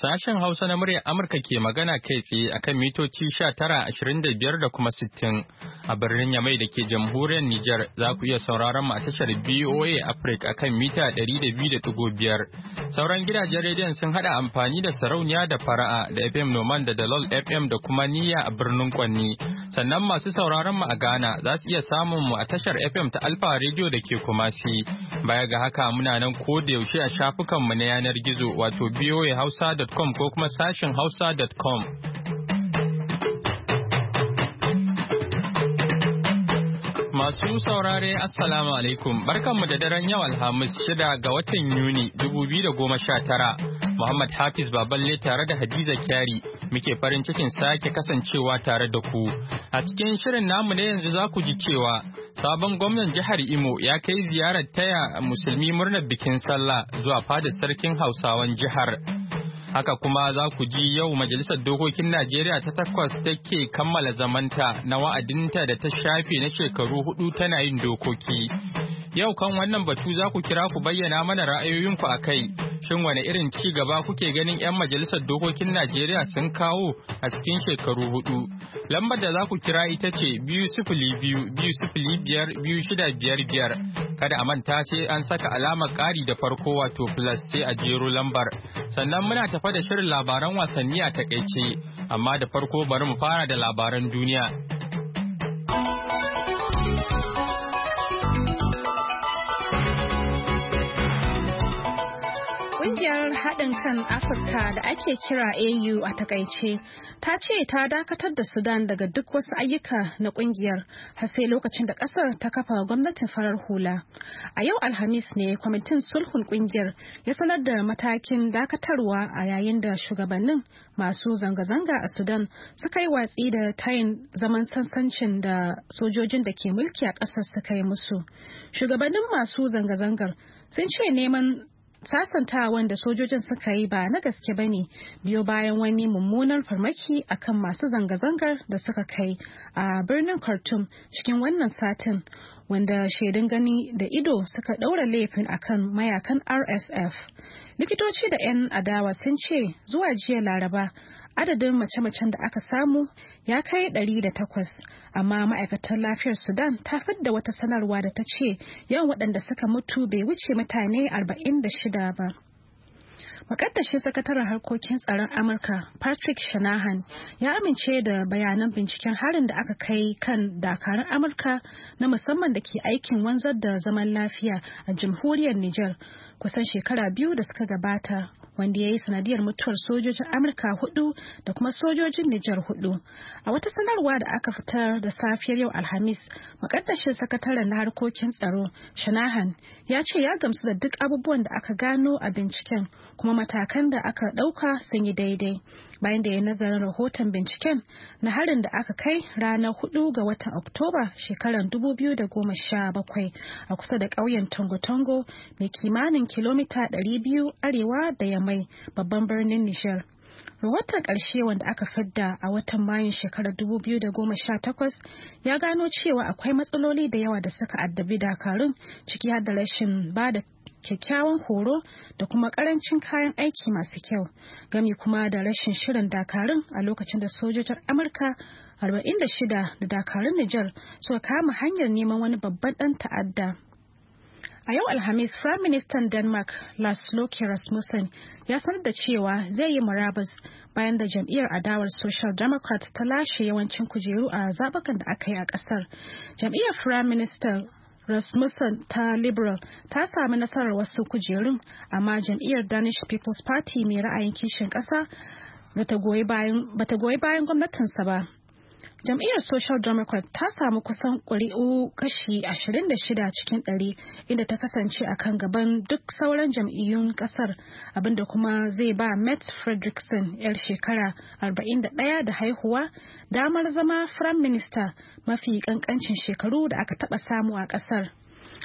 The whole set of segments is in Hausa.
Sashen Hausa na murya Amurka ke magana kai tsaye akan mitoci 19, 25 da kuma 60. a birnin Yamai da ke jamhuriyar Nijar za ku iya sauraron mu a tashar BOA Africa akan mita 200.5. Sauran gidajen rediyon sun hada amfani da sarauniya da fara'a da FM Noman da Dalol FM da kuma Niyya a birnin Kwanni. Sannan masu sauraron mu a Ghana za su iya samun mu a tashar FM ta Alfa Radio da ke Kumasi. Baya ga haka muna nan ko da yaushe a shafukan mu na yanar gizo wato boahausa.com ko kuma sashin hausa.com. Masu saurare Assalamu alaikum mu da daren yau Alhamis shida ga watan Yuni dubu biyu da sha tara, Muhammad Hafiz Baballe tare da Hadiza Kyari muke farin cikin sake kasancewa tare da ku. A cikin shirin namu na yanzu za ku ji cewa sabon gwamnan jihar Imo ya kai ziyarar taya musulmi murnar bikin sallah zuwa fadar sarkin Hausawan jihar. Haka kuma za ku ji yau Majalisar Dokokin Najeriya ta takwas take kammala zamanta na wa'adinta da ta shafe na shekaru hudu tana yin dokoki. Yau kan wannan batu za ku kira ku bayyana mana ra'ayoyinku a kai. cikin wani irin ci gaba kuke ganin 'yan majalisar dokokin Najeriya sun kawo a cikin shekaru hudu. Lambar da za ku kira ita ce biyu sifili biyu biyu sifili biyar biyu shida biyar biyar. Kada a manta sai an saka alamar ƙari da farko wato plus sai a jero lambar. Sannan muna tafa da shirin labaran wasanni a takaice, amma da farko bari mu fara da labaran duniya. Ƙungiyar haɗin kan Afirka da ake kira AU a takaice ta ce ta dakatar da Sudan daga duk wasu ayyuka na ƙungiyar har sai lokacin da ƙasar ta kafa gwamnatin farar hula. A yau Alhamis ne kwamitin sulhun ƙungiyar ya sanar da matakin dakatarwa a yayin da shugabannin masu zanga-zanga a Sudan suka yi watsi da tayin zaman sansancin da sojojin da ke mulki a ƙasar suka yi musu. Shugabannin masu zanga-zangar sun ce neman sasantawan da sojojin suka yi ba na gaske ba ne biyo bayan wani mummunar farmaki akan masu zanga-zangar da suka kai a birnin khartoum cikin wannan satin wanda shaidun gani da ido suka ɗaura laifin akan mayakan rsf likitoci da 'yan adawa sun ce zuwa jiya laraba adadin mace-macen da aka samu ya kai 108 amma ma'aikatar lafiyar sudan ta fidda wata sanarwa da ta ce yawan waɗanda suka mutu bai wuce mutane 46 ba Maƙaddashin sakataren harkokin tsaron amurka patrick shanahan ya amince da bayanan binciken harin da aka kai kan dakarun amurka na musamman da ke aikin wanzar da zaman lafiya a jamhuriyar niger kusan shekara biyu da suka gabata wanda ya yi sanadiyar mutuwar sojojin amurka hudu da kuma sojojin nijar hudu a wata sanarwa da aka fitar da safiyar yau alhamis makaddashin sakataren na harkokin tsaro shanahan ya ce ya gamsu da duk abubuwan da aka gano a binciken kuma matakan da aka dauka sun yi daidai bayan da ya nazarin rahoton binciken na harin da aka kai ranar 4 ga watan Oktoba shekarar 2017 a kusa da ƙauyen Tongo-Tongo mai kimanin kilomita 200 arewa da Yamai babban birnin Nijar. Rahoton ƙarshe wanda aka fidda a watan Mayun shekarar 2018 ya gano cewa akwai matsaloli da yawa da suka addabi dakarun ciki har da rashin ba da kyakkyawan horo da kuma karancin kayan aiki masu kyau gami kuma da rashin shirin dakarun a lokacin da sojojin amurka 46 da dakarun nijar suka kama hanyar neman wani babban dan ta'adda a yau alhamis Firaministan minister denmark laszlo rasmussen ya sanar da cewa zai yi murabus bayan da jam'iyyar adawar social democrat ta lashe yawancin kujeru a zabukan da aka yi a kasar jam'iyyar prime Rasmussen ta Liberal ta sami nasarar wasu kujerun, amma jam'iyyar Danish People's Party mai ra'ayin kishin ƙasa bata goyi bayan gwamnatinsa ba jam'iyyar social democrat ta samu kusan ƙuri'u kashi 26 cikin ɗari inda ta kasance a kan gaban duk sauran jam'iyyun ƙasar abinda kuma zai ba matt fredrickson 'yar shekara 41 da haihuwa damar zama firayim minista mafi ƙanƙancin shekaru da aka taɓa samu a ƙasar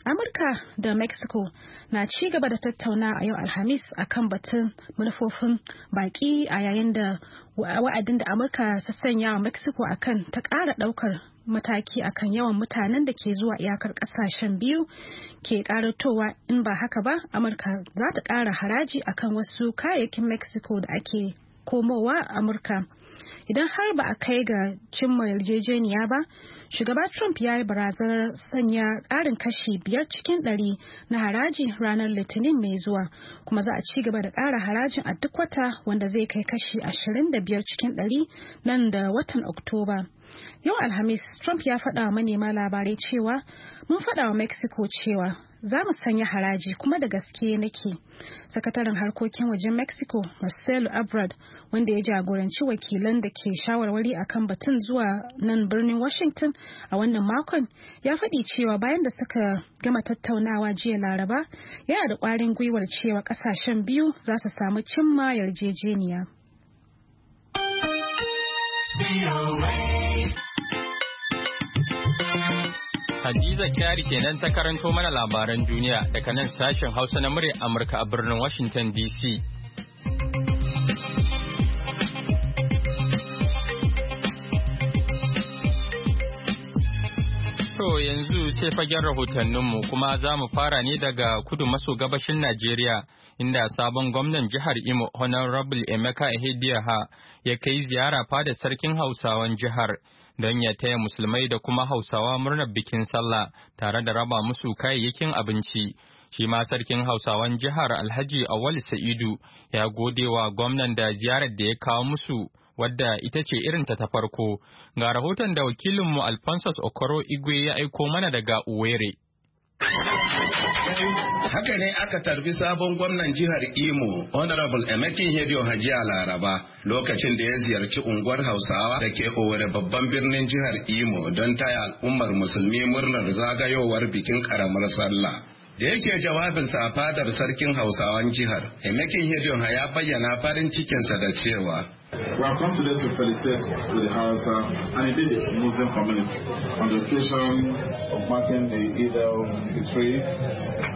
Amurka da Mexico na ci gaba da tattauna a yau Alhamis akan batun manufofin baki a yayin da wa'adin da Amurka ta sanya wa Mexico akan ta ƙara ɗaukar mataki akan yawan mutanen da ke zuwa iyakar ƙasashen biyu ke ƙaratowa in ba haka ba Amurka za ta ƙara haraji akan wasu kayayyakin Mexico da ake komowa Amurka. Idan har ba a kai ga cimma yarjejeniya ba, shugaba Trump ya yi barazanar sanya ƙarin kashi biyar cikin ɗari na haraji ranar Litinin mai zuwa, kuma za a ci gaba da ƙara harajin a duk wata wanda zai kai kashi ashirin da biyar cikin ɗari nan da watan Oktoba. Yau Alhamis, Trump ya faɗa wa manema labarai cewa, mun faɗa wa Mexico cewa za mu sanya haraji kuma da gaske nake sakataren harkokin wajen mexico marcelo abrad wanda ya jagoranci wakilan da ke shawarwari akan batun zuwa nan birnin washington a wannan makon ya faɗi cewa bayan da suka gama tattaunawa jiya laraba yana da ƙwarin gwiwar cewa ƙasashen biyu za su samu cimma yarjejeniya. Hadiza Kyari kenan ta karanto mana labaran duniya daga nan sashen Hausa na murya Amurka a birnin Washington DC. To yanzu sai fagen rahotanninmu kuma za mu fara ne daga kudu maso gabashin Najeriya inda sabon gwamnan jihar Imo Honorable Emeka Ehediyaha ya kai ziyara fada sarkin Hausawan jihar. don ya taya musulmai da kuma hausawa murnar bikin sallah tare da raba musu kayayyakin abinci shi ma sarkin hausawan jihar alhaji awal sa'idu ya gode wa gwamnan da ziyarar da ya kawo musu wadda ita ce irin ta ta farko ga rahoton da wakilinmu alphonsus okoro igwe ya aiko mana daga uwere Haka ne aka tarbi sabon gwamnan jihar Imo, Honorable Emekin Hedio Hajiya Laraba, lokacin da ya ziyarci unguwar Hausawa da ke kowane babban birnin jihar Imo don taya al'ummar musulmi murnar zagayowar bikin karamar sallah. da yake jawabinsa a fadar sarkin hausawan jihar emekin hedionha ya bayyana farin cikinsa da cewa We have come today to felicitate the Hausa and indeed the Muslim community on the occasion of marking the Eid al-Fitr,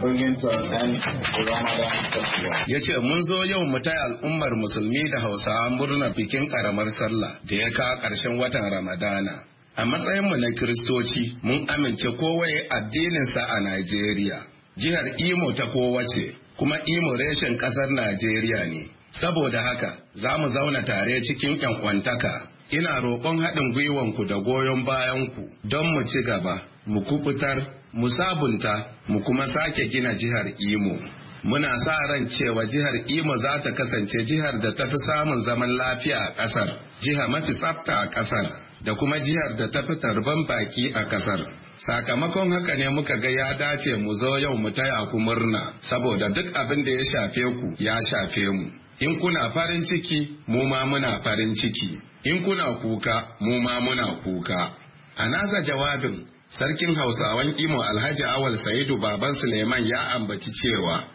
bringing to an end the Ramadan festival. Ya ce mun zo yau mu taya al'ummar musulmi da Hausawa murna bikin karamar sallah da ya kawo ƙarshen watan Ramadana. A matsayinmu na Kiristoci, mun amince kowaye addininsa a Najeriya. jihar Imo ta kowace kuma Imo reshen kasar Najeriya ne. Saboda haka, za mu zauna tare cikin ‘yan'wantaka. Ina roƙon haɗin gwiwanku da goyon bayanku don mu ci gaba, mu kuɓutar mu sabunta, mu kuma sake gina jihar Imo. Muna sa ran cewa jihar Imo za ta kasance jihar da ta fi samun zaman lafiya a ƙasar, jiha mafi tsafta a ƙasar, da kuma jihar da ta fi tarban baki a ƙasar. sakamakon haka ne muka ga ya dace mu zo yau mu taya ku murna saboda duk abin da ya shafe ku ya shafe mu in kuna farin ciki mu ma muna farin ciki in kuna kuka mu ma muna kuka a nasa jawabin Sarkin Hausawan Imo Alhaji Awal Sa'idu Baban Suleiman ya ambaci cewa.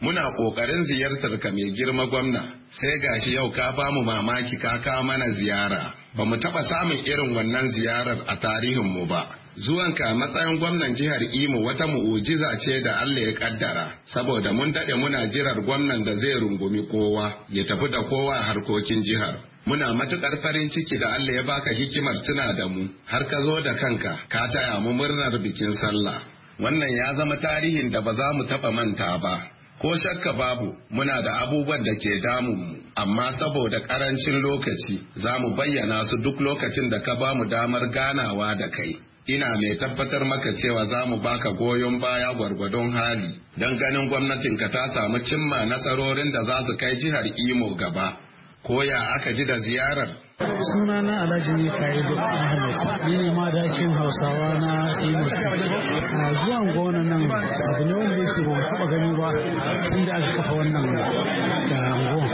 Muna ƙoƙarin ziyartar ka mai girma gwamna, sai gashi yau ka ba mu mamaki ka kawo mana ziyara. Ba mu taɓa samun irin wannan ziyarar a tarihin mu ba. zuwan ka matsayin gwamnan jihar Imo wata mu'ujiza ce da Allah ya kaddara, saboda mun daɗe muna jirar gwamnan da zai rungumi kowa, ya tafi da kowa harkokin jihar. Muna matuƙar farin ciki da Allah ya baka hikimar tuna da mu, har ka zo da kanka, ka taya mu murnar bikin sallah. wannan ya zama tarihin da ba za mu taɓa manta ba ko shakka babu muna da abubuwan da ke mu amma saboda karancin lokaci za mu bayyana su duk lokacin da ka ba mu damar ganawa da kai ina mai tabbatar maka cewa za mu baka goyon baya gwargwadon hali don ganin gwamnatinka ta samu cimma nasarorin da za su kai jihar imo gaba koya aka ji da ziyarar. suna na alhaji ne kayi ahmed ni ne ma dakin hausawa na imo a zuwan gona nan abu ne wanda yake ba taba gani ba tun da aka kafa wannan da angon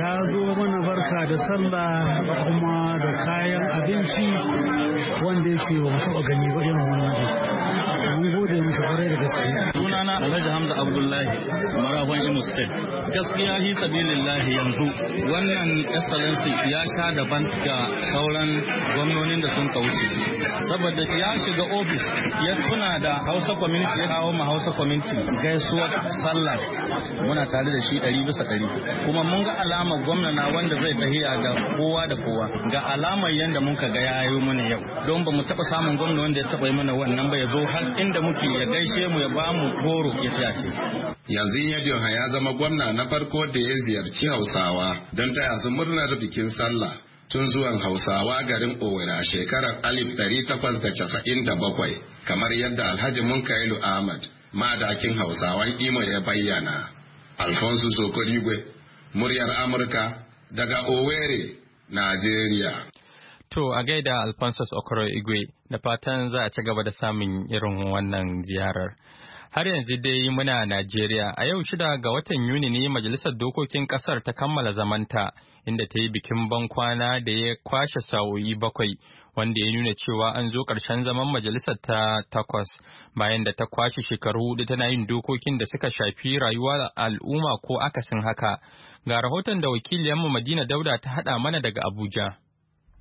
ya zo mana barka da sallah kuma da kayan abinci wanda yake ba taba gani ba irin wannan gode musu kwarai da gaske. Sunana Alhaji Hamza Abdullahi, Marafan Imo State. Gaskiya hi sabilillahi yanzu wannan excellency ya sha daban ga sauran gwamnonin da sun kauce. Saboda ya shiga office ya tuna da Hausa community ya kawo ma Hausa community gaisuwar sallah muna tare da shi ɗari bisa ɗari. Kuma mun ga alamar gwamna na wanda zai tahiya ga kowa da kowa ga alamar yadda muka ga yayo mana yau. Don ba mu taɓa samun gwamna wanda ya taɓa yi mana wannan ba ya zo har inda mu mulki ya gaishe mu ya bamu goro ya tace yanzu ya zama gwamna na farko da ya ziyarci hausawa don taya su murnar bikin sallah tun zuwan hausawa garin a shekarar alif ɗari da da casa'in bakwai, kamar yadda alhaji munkailu ahmad madakin hausawan imo ya bayyana alfonso sokorigwe muryar amurka daga owerri najeriya to a gaida alfonso okoro igwe da fatan za a ci gaba da samun irin wannan ziyarar. Har yanzu dai muna Najeriya a yau shida ga watan Yuni ne Majalisar Dokokin ƙasar ta kammala zamanta inda ta yi bikin bankwana da ya kwashe sa'o'i bakwai wanda ya nuna cewa an zo ƙarshen zaman majalisar ta takwas bayan da ta kwashe shekaru hudu tana yin dokokin da suka shafi rayuwa al'umma ko akasin haka. Ga rahoton da wakiliyanmu Madina Dauda ta haɗa mana daga Abuja.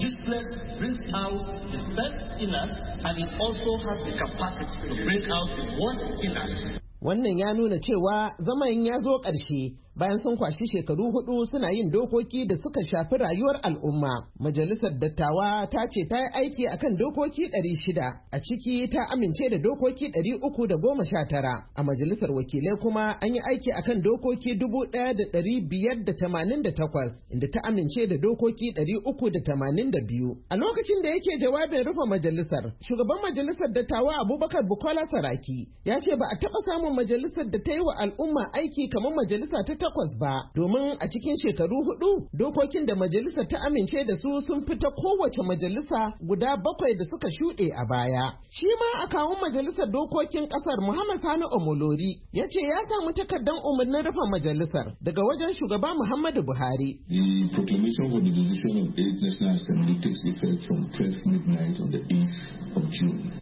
useless brings out the best in us and it also has the capacity to bring out the worst in us. Wannan ya nuna cewa zaman ya zo ƙarshe bayan sun kwashi shekaru hudu suna yin dokoki da suka shafi rayuwar al'umma. Majalisar dattawa ta ce ta yi aiki akan dokoki dari shida, a ciki ta amince da dokoki dari uku da goma sha tara. A majalisar wakilai kuma an yi aiki akan dokoki dubu ɗaya da dari biyar da tamanin da takwas, inda ta amince da dokoki dari uku da tamanin da biyu. A lokacin da yake jawabin rufe majalisar, shugaban majalisar dattawa Abubakar Bukola Saraki ya ce ba a taɓa samun majalisar da ta yi wa al'umma aiki kamar majalisa ta takwas ba domin a cikin shekaru hudu dokokin da majalisa ta amince da su sun fita kowace majalisa guda bakwai da suka shuɗe a baya. Shi ma a kawun majalisar dokokin ƙasar Muhammad Sani Omolori ya ce ya samu takardar umarnin rufe majalisar daga wajen shugaba Muhammadu Buhari.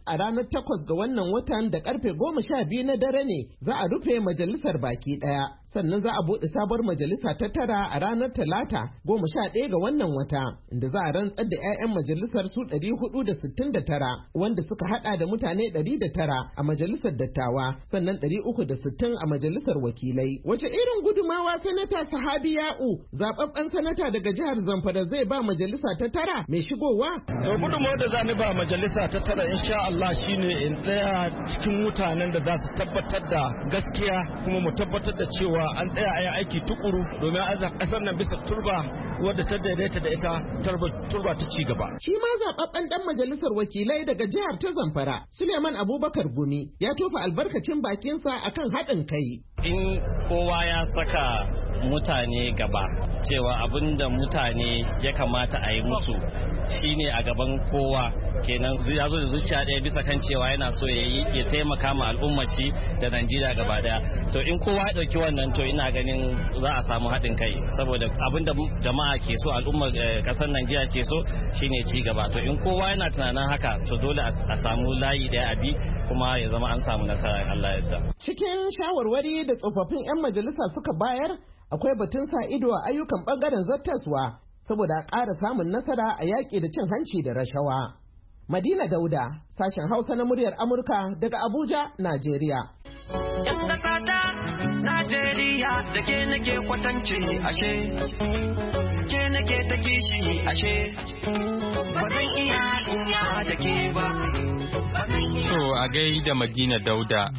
A ranar takwas ga wannan watan da karfe goma sha biyu na dare ne za a rufe majalisar baki ɗaya sannan za a buɗe buɗe sabuwar majalisa ta tara a ranar talata goma sha ɗaya ga wannan wata inda za a rantsar da 'ya'yan majalisar su ɗari hudu da sittin da tara wanda suka haɗa da mutane ɗari da tara a majalisar dattawa sannan ɗari uku da sittin a majalisar wakilai wace irin gudumawa sanata sahabi ya'u zaɓaɓɓen sanata daga jihar zamfara zai ba majalisa ta tara mai shigowa. to gudumawar da za ni ba majalisa ta tara insha Allah shine in tsaya cikin mutanen da za su tabbatar da gaskiya kuma mu tabbatar da cewa an tsaya a aiki tukuru domin a kasar nan bisa turba wadda ta daidaita da ita turba ta ci gaba. Shi ma zaɓaɓɓen ɗan majalisar wakilai daga jihar ta Zamfara, Suleiman Abubakar Gumi ya tofa albarkacin bakinsa akan haɗin kai. In kowa ya saka mutane gaba cewa abin da mutane ya kamata a yi musu shine a gaban kowa kenan ya zo da zuciya ɗaya bisa kan cewa yana so ya ya taimaka ma al'ummar shi da Najeriya gaba daya to in kowa ya ɗauki wannan to ina ganin za a samu haɗin kai saboda abin da jama'a ke so al'ummar eh, ƙasar Najeriya ke so shine ci gaba to in kowa yana tunanin haka to dole a samu layi ɗaya a bi kuma ya zama an samu nasara Allah yadda cikin shawarwari da tsofaffin 'yan majalisa suka bayar akwai batun sa ido a ayyukan bangaren zattaswa saboda a ƙara samun nasara a yaƙi da cin hanci da rashawa. Madina Dauda, sashen Hausa na muryar Amurka daga Abuja, Najeriya. ‘Yan a ta da Madina Dauda.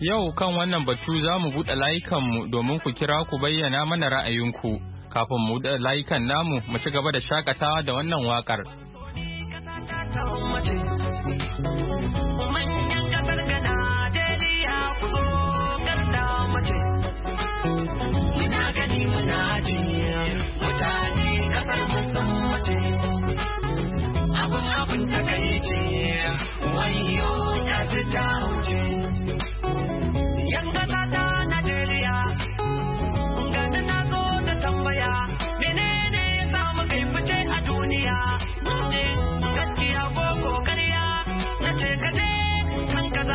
Yau kan wannan batu za mu buɗe layukanmu domin ku kira ku bayyana mana ra'ayinku. Kafin mu buɗe layukan namu mu ci gaba da shakatawa da wannan waƙar. mace manyan kasar ga Najeriya ku zo garda mace muna gani muna ji mutane kasar mutum mace abun abun takaice wayo ta ta wuce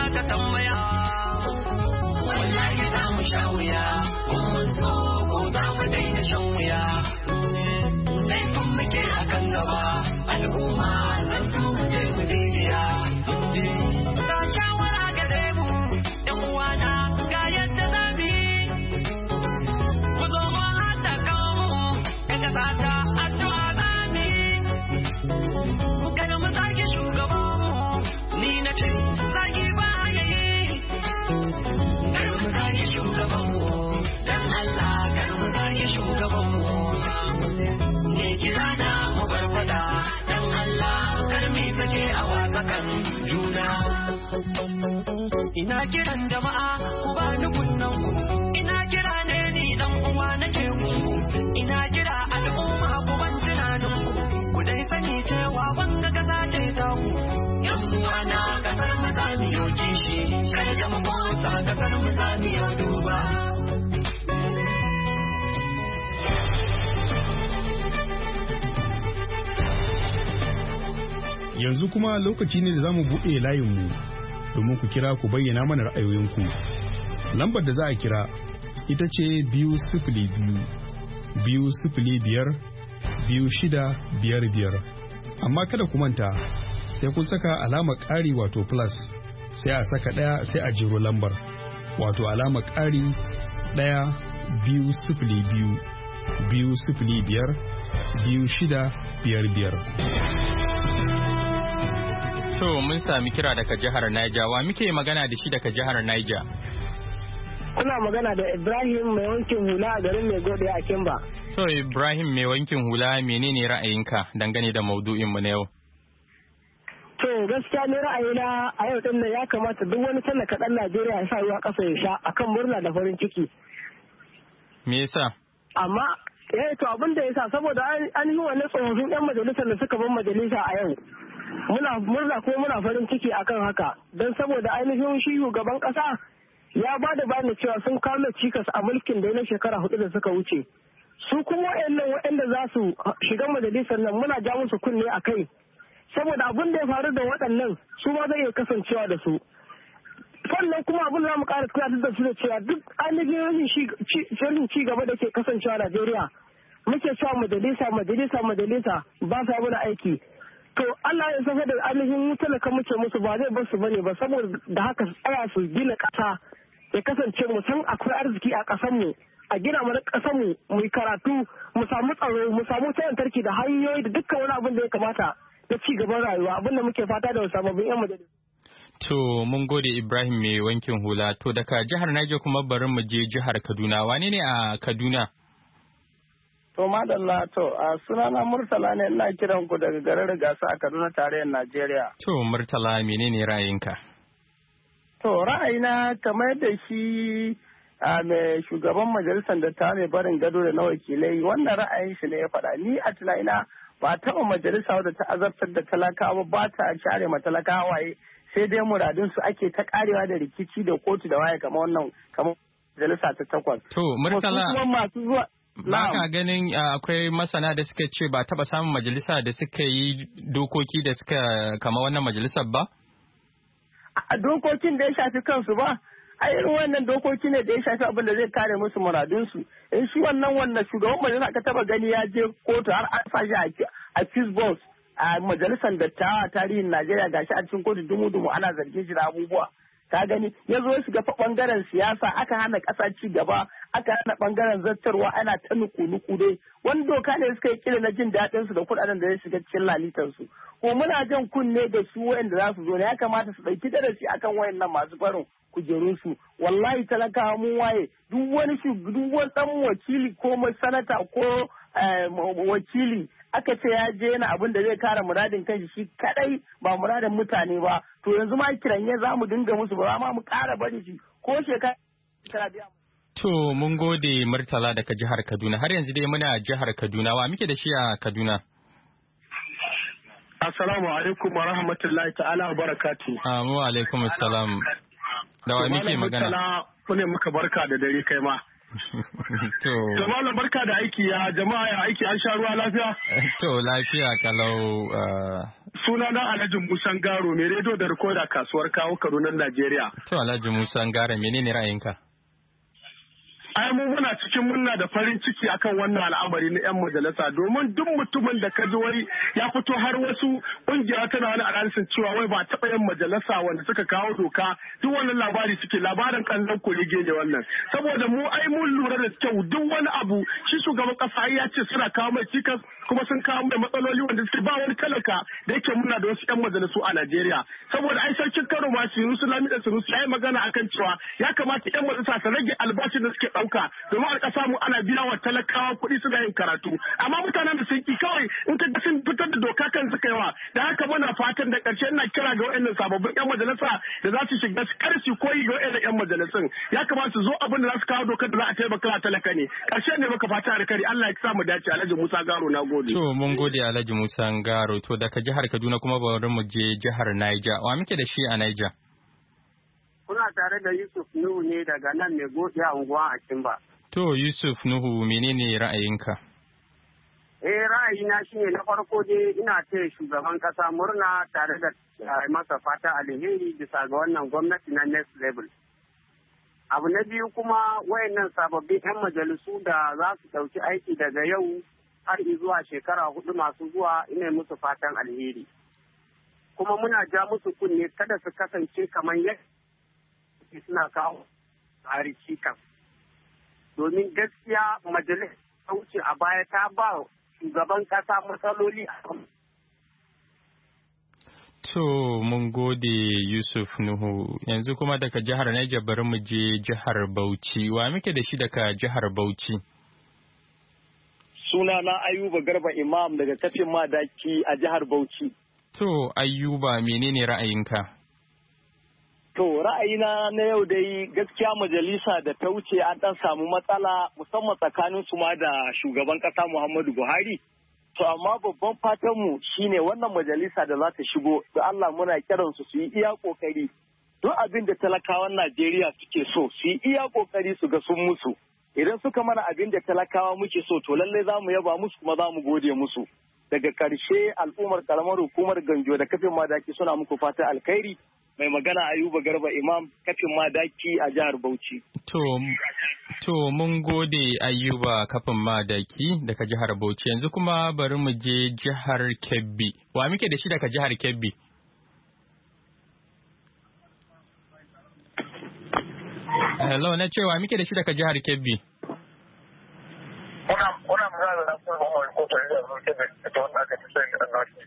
ka tambaya wallahi za mu sha wuya in mun so ko za mu daina shan wuya laifin muke akan gaba al'umma zan ina kiran jama'a ku ba ni kunnan ku ina kira ne ni dan uwa nake muku ina kira al'umma ku ban tunanin ku ku dai sani cewa wanga kasa ce ta ku yan ana kasar mu za mu kishi kar da mu kasar mu duba yanzu kuma lokaci ne da za mu buɗe layinmu domin ku kira ku bayyana mana ra'ayoyinku. Lambar da za a kira ita ce biyu sifili biyu biyu sifili biyar biyu shida biyar biyar. Amma kada ku manta sai kun saka alamar ƙari wato plus sai a saka ɗaya sai a jiro lambar wato alamar ƙari ɗaya biyu sifili biyu biyu sifili biyar biyu shida biyar biyar. To mun sami kira daga jihar Niger wa muke magana da shi daga jihar Niger. Kuna magana da Ibrahim mai wankin hula a garin mai gode a Kimba. To Ibrahim mai wankin hula menene ra'ayinka dangane da maudu'in mu na yau? To gaskiya ne ra'ayina a yau din ya kamata duk wani tallaka ɗan Najeriya ya sa ruwa ƙasa ya sha akan murna da farin ciki. Me yasa? Amma eh to abin da ya sa saboda an yi wannan tsofaffin 'yan majalisar da suka bar majalisa a yau muna murna ko muna farin ciki akan haka don saboda ainihin shi shugaban kasa ya ba da bani cewa sun kame cikas a mulkin da na shekara hudu da suka wuce su kuma wa'annan wa'anda za su shiga majalisar nan muna ja musu kunne a kai saboda abin da ya faru da waɗannan su ma zai iya kasancewa da su sannan kuma abin za mu ƙara tunatar da su da cewa duk ainihin rashin ci gaba da ke kasancewa Najeriya muke cewa majalisa majalisa majalisa ba sa muna aiki to Allah ya saka da ainihin talaka muke musu ba zai basu bane ba saboda da haka su tsaya su gina ƙasa ya kasance mu san akwai arziki a ƙasar mu a gina mana ƙasar mu mu karatu mu samu tsaro mu samu tarki da hanyoyi da dukkan wani abin da ya kamata na ci gaban rayuwa abin da muke fata da sababbin yan majalisa. To mun gode Ibrahim mai wankin hula to daga jihar Niger kuma bari mu je jihar Kaduna wane ne a Kaduna? To madalla to a sunana Murtala ne ina kiran ku daga garin gasa a Kaduna tarayyar Najeriya. To Murtala menene ra'ayinka? To ra'ayina kamar yadda shi a mai shugaban majalisar da ta mai barin gado da na wakilai wannan ra'ayin shi ne ya faɗa ni a tunanina ba taɓa majalisa wadda ta azabtar da talakawa ba ta share ma talakawa waye sai dai muradin su ake ta karewa da rikici da kotu da waye kamar wannan kamar majalisa ta takwas. To Murtala. masu zuwa Ba ka ganin ah, akwai masana da suka ce ba taba samun majalisa da suka yi dokoki da suka kama wannan majalisar ba? A dokokin da ya shafi kansu ba, a irin wannan dokoki ne da ya shafi abin da zai kare musu muradunsu. In shi wannan wannan shugaban majalisa ka taba gani ya je kotu har an sa shi a Fisbos a majalisar dattawa tarihin Najeriya ga shi a cikin kotu dumu-dumu ana zargin shi da abubuwa. ka gani ya zo ya ga bangaren siyasa aka hana ƙasa ci gaba aka hana bangaren zartarwa ana ta nuku-nuku dai wani doka ne suka yi kila na jin daɗin su da kuɗaɗen da zai shiga cikin lalitan su ko muna jan kunne da su wayanda za su zo ne ya kamata su ɗauki darasi akan wayannan masu barin kujerun su wallahi talakawa mun waye duk wani duk wani ɗan wakili ko sanata ko eh, wakili aka ce ya je yana abin da zai kare muradin kanshi shi kadai ba muradin mutane ba to yanzu ma kiranye za mu dinga musu ba ma mu kara bari shi ko shekara To mun gode Murtala daga jihar Kaduna har yanzu dai muna jihar Kaduna wa muke da shi a Kaduna. Assalamu alaikum wa rahmatullahi ta'ala wa barakatu. Amu ah, alaikum assalam. Da wa muke magana? kune muka barka da dare kai ma. To. To barka da aiki ya jama'a ya aiki an sha ruwa lafiya? To lafiya kalau. Ah. Suna na Alhaji Musan Garo mai rediyo da rikoda kasuwar kawo Kaduna Najeriya. To Alhaji Musan Garo menene ra'ayinka? ai mu muna cikin murna da farin ciki akan wannan al'amari na yan majalisa domin duk mutumin da ka ji wani ya fito har wasu kungiya tana wani ranar cewa wai ba taɓa yan majalisa wanda suka kawo doka duk wannan labari suke labarin kallon kurege ne wannan saboda mu ai mun lura da kyau duk wani abu shi shugaban kasa ya ce suna kawo mai cikas kuma sun kawo mai matsaloli wanda suke ba wani talaka da yake muna da wasu yan majalisu a Najeriya saboda ai sarkin Kano ma Sinusu su Sinusu ya yi magana akan cewa ya kamata yan majalisa su rage albashin da suke ɗauka domin a mu ana biya wa talakawa kuɗi suna yin karatu amma mutanen da sun ki kawai in ka sun fitar da doka kan suka yawa da haka muna fatan da ƙarshe ina kira ga wa'annan sababbin 'yan majalisa da za su shiga kar su koyi ga wa'annan 'yan majalisun ya kamata su zo abin da za su kawo dokar da za a taimaka talaka ne ƙarshe ne muka fata alkari Allah ya sa mu dace Alhaji Musa Garo na gode. To mun gode Alhaji Musa Garo to daga jihar Kaduna kuma bari mu je jihar Niger wa muke da shi a Niger. Kuna tare da Yusuf Nuhu ne daga nan mai gode a unguwa a Kimba. To Yusuf Nuhu menene ra'ayinka? Eh ra'ayina shine na farko ne ina taya shugaban kasa murna tare da masa fata alheri bisa ga wannan gwamnati na next level. Abu na biyu kuma wayannan sababbin 'yan majalisu da za su ɗauki aiki daga yau har zuwa shekara hudu masu zuwa ina musu fatan alheri. Kuma muna ja musu kunne kada su kasance kamar yadda ciki suna kawo tsari domin gaskiya majalis ta wuce a baya ta ba shugaban kasa matsaloli a To mun gode Yusuf Nuhu yanzu kuma daga jihar Niger bari mu je jihar Bauchi wa muke da shi daga jihar Bauchi Suna na Ayuba Garba Imam daga kafin madaki a jihar Bauchi To Ayuba menene ra'ayinka To ra'ayina na yau dai gaskiya majalisa da ta wuce an ɗan samu matsala musamman tsakanin su ma da shugaban ƙasa Muhammadu Buhari. To amma babban fatanmu shine wannan majalisa da za ta shigo da Allah muna kiran su su yi iya ƙoƙari. Duk abin da talakawan Najeriya suke so su yi iya ƙoƙari su ga sun musu. Idan suka mana abin da talakawa muke so to lallai za mu yaba musu kuma za mu gode musu. Daga ƙarshe al'ummar ƙaramar hukumar Ganjo da kafin madaki suna muku fatan alkhairi. mai magana ayuba garba imam kafin madaki a jihar bauchi to mun gode ayuba kafin madaki daga jihar bauchi yanzu kuma bari mu je jihar kebbi wa muke da shi daga jihar kebbi hello na cewa muke da shi daga jihar kebbi kuna magana da kuma ko ta yi da wannan aka ce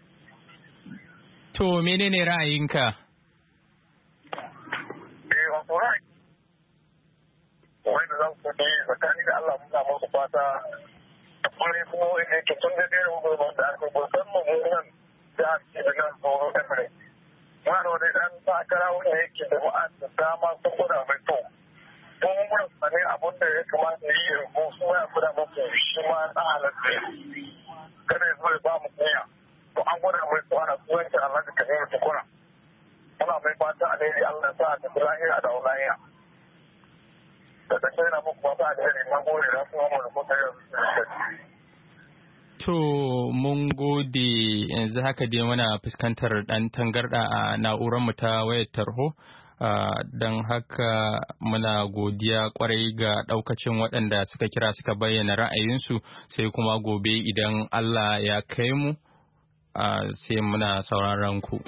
to menene ra'ayinka alkurani wanda za su ne tsakani da Allah muna musu fata da kuma kuma wanda yake sun da ɗaya wanda ba da aka musamman wurin da ake da nan tsoro da mai wani ɗan takara wanda yake da ma'asa dama su kuna mai to kuma muna sani abin da ya kamata yi yanzu su ma ya kuna mafi shi ma na halatta kada Kana ya ba mu kunya to an gwada mai tsawon a tsohon Allah da kamar tukuna. muna mai Allah sa da da ta kira na kuma mu To mun gode yanzu haka dai muna fuskantar ɗan tangarɗa a na'urarmu ta wayar tarho. don haka muna godiya kwarai ga ɗaukacin waɗanda suka kira suka bayyana ra'ayinsu sai kuma gobe idan Allah ya kai mu sai muna sauraron ku.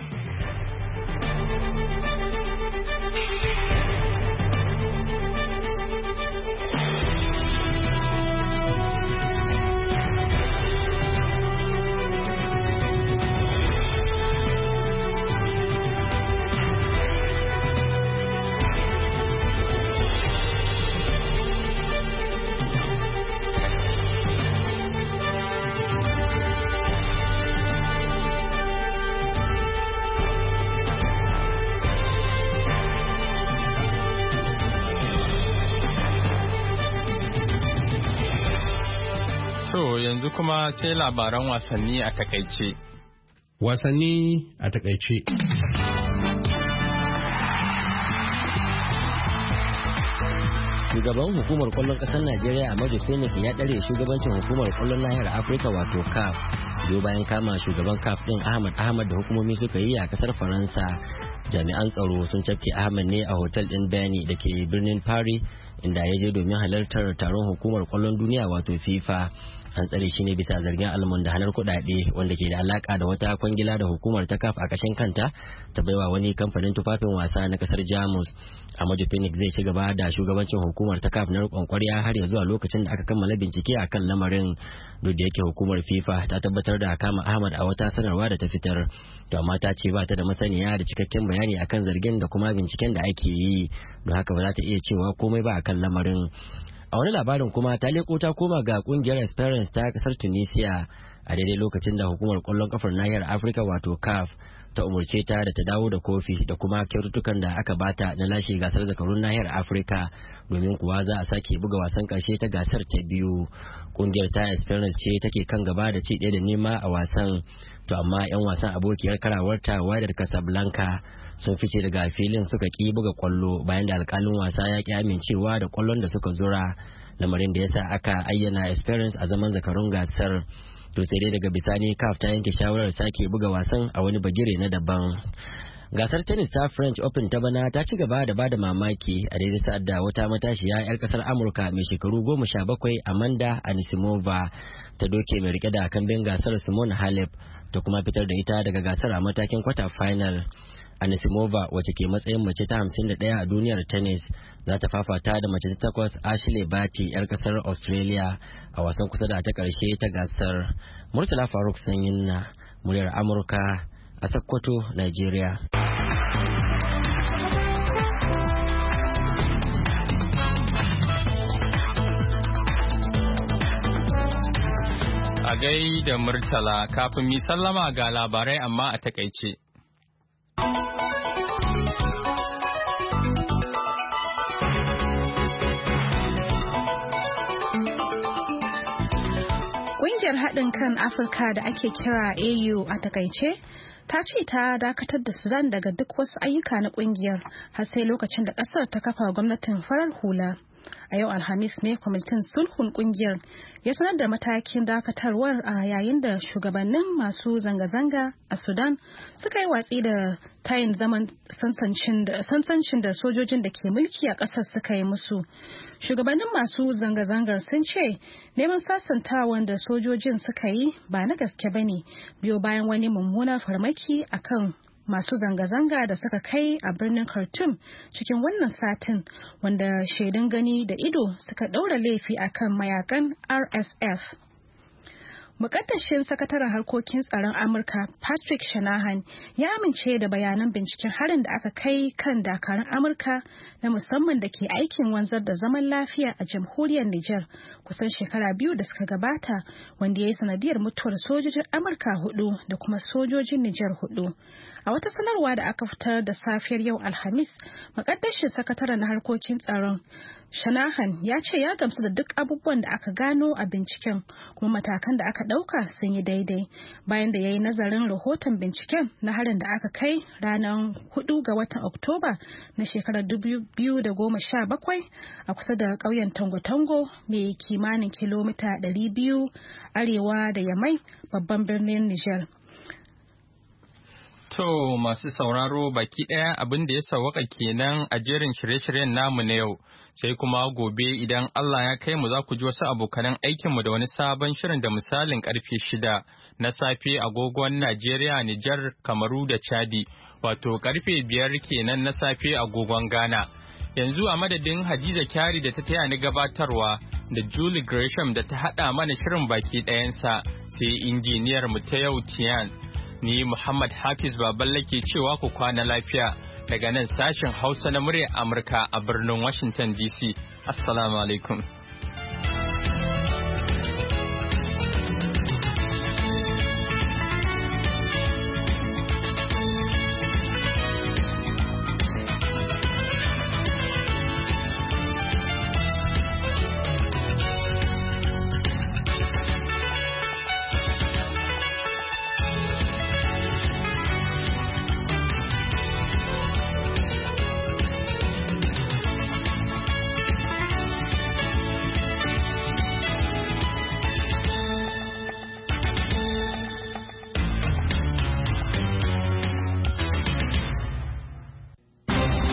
yanzu kuma sai labaran wasanni a takaice. Wasanni a takaice. Shugaban hukumar kwallon ƙasar Najeriya a Madu ya ɗare shugabancin hukumar kwallon nahiyar Afirka wato CAF. Yau bayan kama shugaban CAF ɗin Ahmad Ahmad da hukumomi suka yi a ƙasar Faransa. Jami'an tsaro sun cafke Ahmad ne a hotel ɗin Bani da ke birnin Paris inda ya je domin halartar taron hukumar kwallon duniya wato FIFA. an tsare shi ne bisa zargin da hanar kuɗaɗe wanda ke da alaka da wata kwangila da hukumar ta kaf a kashin kanta ta baiwa wani kamfanin tufafin wasa na kasar jamus maji phoenix zai ci gaba da shugabancin hukumar ta kaf na riƙon ƙwarya har ya zuwa lokacin da aka kammala bincike a kan lamarin duk da yake hukumar fifa ta tabbatar da kama ahmad a wata sanarwa da ta fitar to amma ta ce ba ta da masaniya da cikakken bayani akan zargin da kuma binciken da ake yi don haka ba za ta iya cewa komai ba akan lamarin a wani labarin kuma ta leko ta koma ga kungiyar esperance ta kasar tunisia a daidai lokacin da hukumar kwallon kafar nahiyar afirka wato caf ta umarce ta da ta dawo da kofi da kuma kyaututtukan da aka bata na lashe gasar zakarun nahiyar afirka domin kuwa za a sake buga wasan karshe ta gasar ta biyu kungiyar ta esperance ce take kan gaba da ci ɗaya da nema a wasan to amma 'yan wasan abokiyar karawarta wadar casablanca sun fice daga filin suka ki buga kwallo bayan da alkalin wasa ya ki amincewa da kwallon da suka zura lamarin da ya sa aka ayyana experience a zaman zakarun gasar to sai dai daga bisani kaf ta yanke shawarar sake buga wasan a wani bagire na daban gasar tennis ta french open ta bana ta ci gaba da bada mamaki a daidai sa'ad da wata matashiya 'yar kasar amurka mai shekaru goma sha bakwai amanda anisimova ta doke mai rike da kambin gasar simone halep ta kuma fitar da ita daga gasar a matakin kwata final Anisimova wacce ke matsayin mace ta 51 a duniyar tennis za ta fafata da mace ta takwas Ashley Barty 'yar kasar Australia a wasan kusa da ta karshe ta gasar. Murtala Faruk Sanyin na muryar Amurka a Sokoto, Nigeria. A gai da Murtala kafin mi sallama ga labarai amma a takaice. Ƙungiyar haɗin kan Afirka da ake kira AU a takaice ta ce ta dakatar da Sudan daga duk wasu ayyuka na ƙungiyar har sai lokacin da ƙasar ta kafa gwamnatin farar hula. a yau alhamis ne kwamitin sulhun kungiyar ya sanar da matakin dakatarwar a yayin da shugabannin masu zanga-zanga a sudan suka yi watsi da tayin zaman sansancin da sojojin da ke mulki a ƙasar suka yi musu shugabannin masu zanga-zangar sun ce neman sasantawan da sojojin suka yi ba na gaske ba ne biyo bayan wani mummunar farmaki akan masu zanga-zanga da suka kai a birnin Khartoum cikin wannan satin wanda shaidun gani da ido suka ɗaura laifi a kan mayakan RSF. Mukaddashin sakataren harkokin tsaron Amurka Patrick Shanahan ya amince da bayanan binciken harin da aka kai kan dakarun Amurka na musamman da ke aikin wanzar da zaman lafiya a jamhuriyar Nijar kusan shekara biyu da suka gabata wanda ya yi sanadiyar mutuwar sojojin Amurka hudu da kuma sojojin Nijar hudu. A wata sanarwa da aka fitar da safiyar yau Alhamis, makaddashin sakataren na harkokin tsaron Shanahan ya ce ya gamsu da duk abubuwan da aka gano a binciken kuma matakan da aka ɗauka sun yi daidai bayan da ya yi nazarin rahoton binciken na harin da aka kai ranar 4 ga watan Oktoba na shekarar 2017 a kusa da ƙauyen Tango-Tango mai kimanin kilomita 200 arewa da Yamai babban birnin Nijar. To masu sauraro baki ɗaya abin da ya sauwaka kenan a jerin shirye-shiryen namu na yau, sai kuma gobe idan Allah ya kai mu za ku ji wasu abokanan aikinmu da wani sabon shirin da misalin karfe shida na safe agogon Najeriya, Nijar, Kamaru da Chadi, wato karfe biyar kenan na safe agogon Ghana. Yanzu a madadin Hadiza Kyari da ta taya ni gabatarwa da Julie Gresham da ta haɗa mana shirin baki ɗayansa sai injiniyar mu ta yau Tiyan. ni Muhammad Hafiz Baballe ke cewa ku kwana lafiya daga nan sashen Hausa na muryar Amurka a birnin Washington DC. Assalamu alaikum.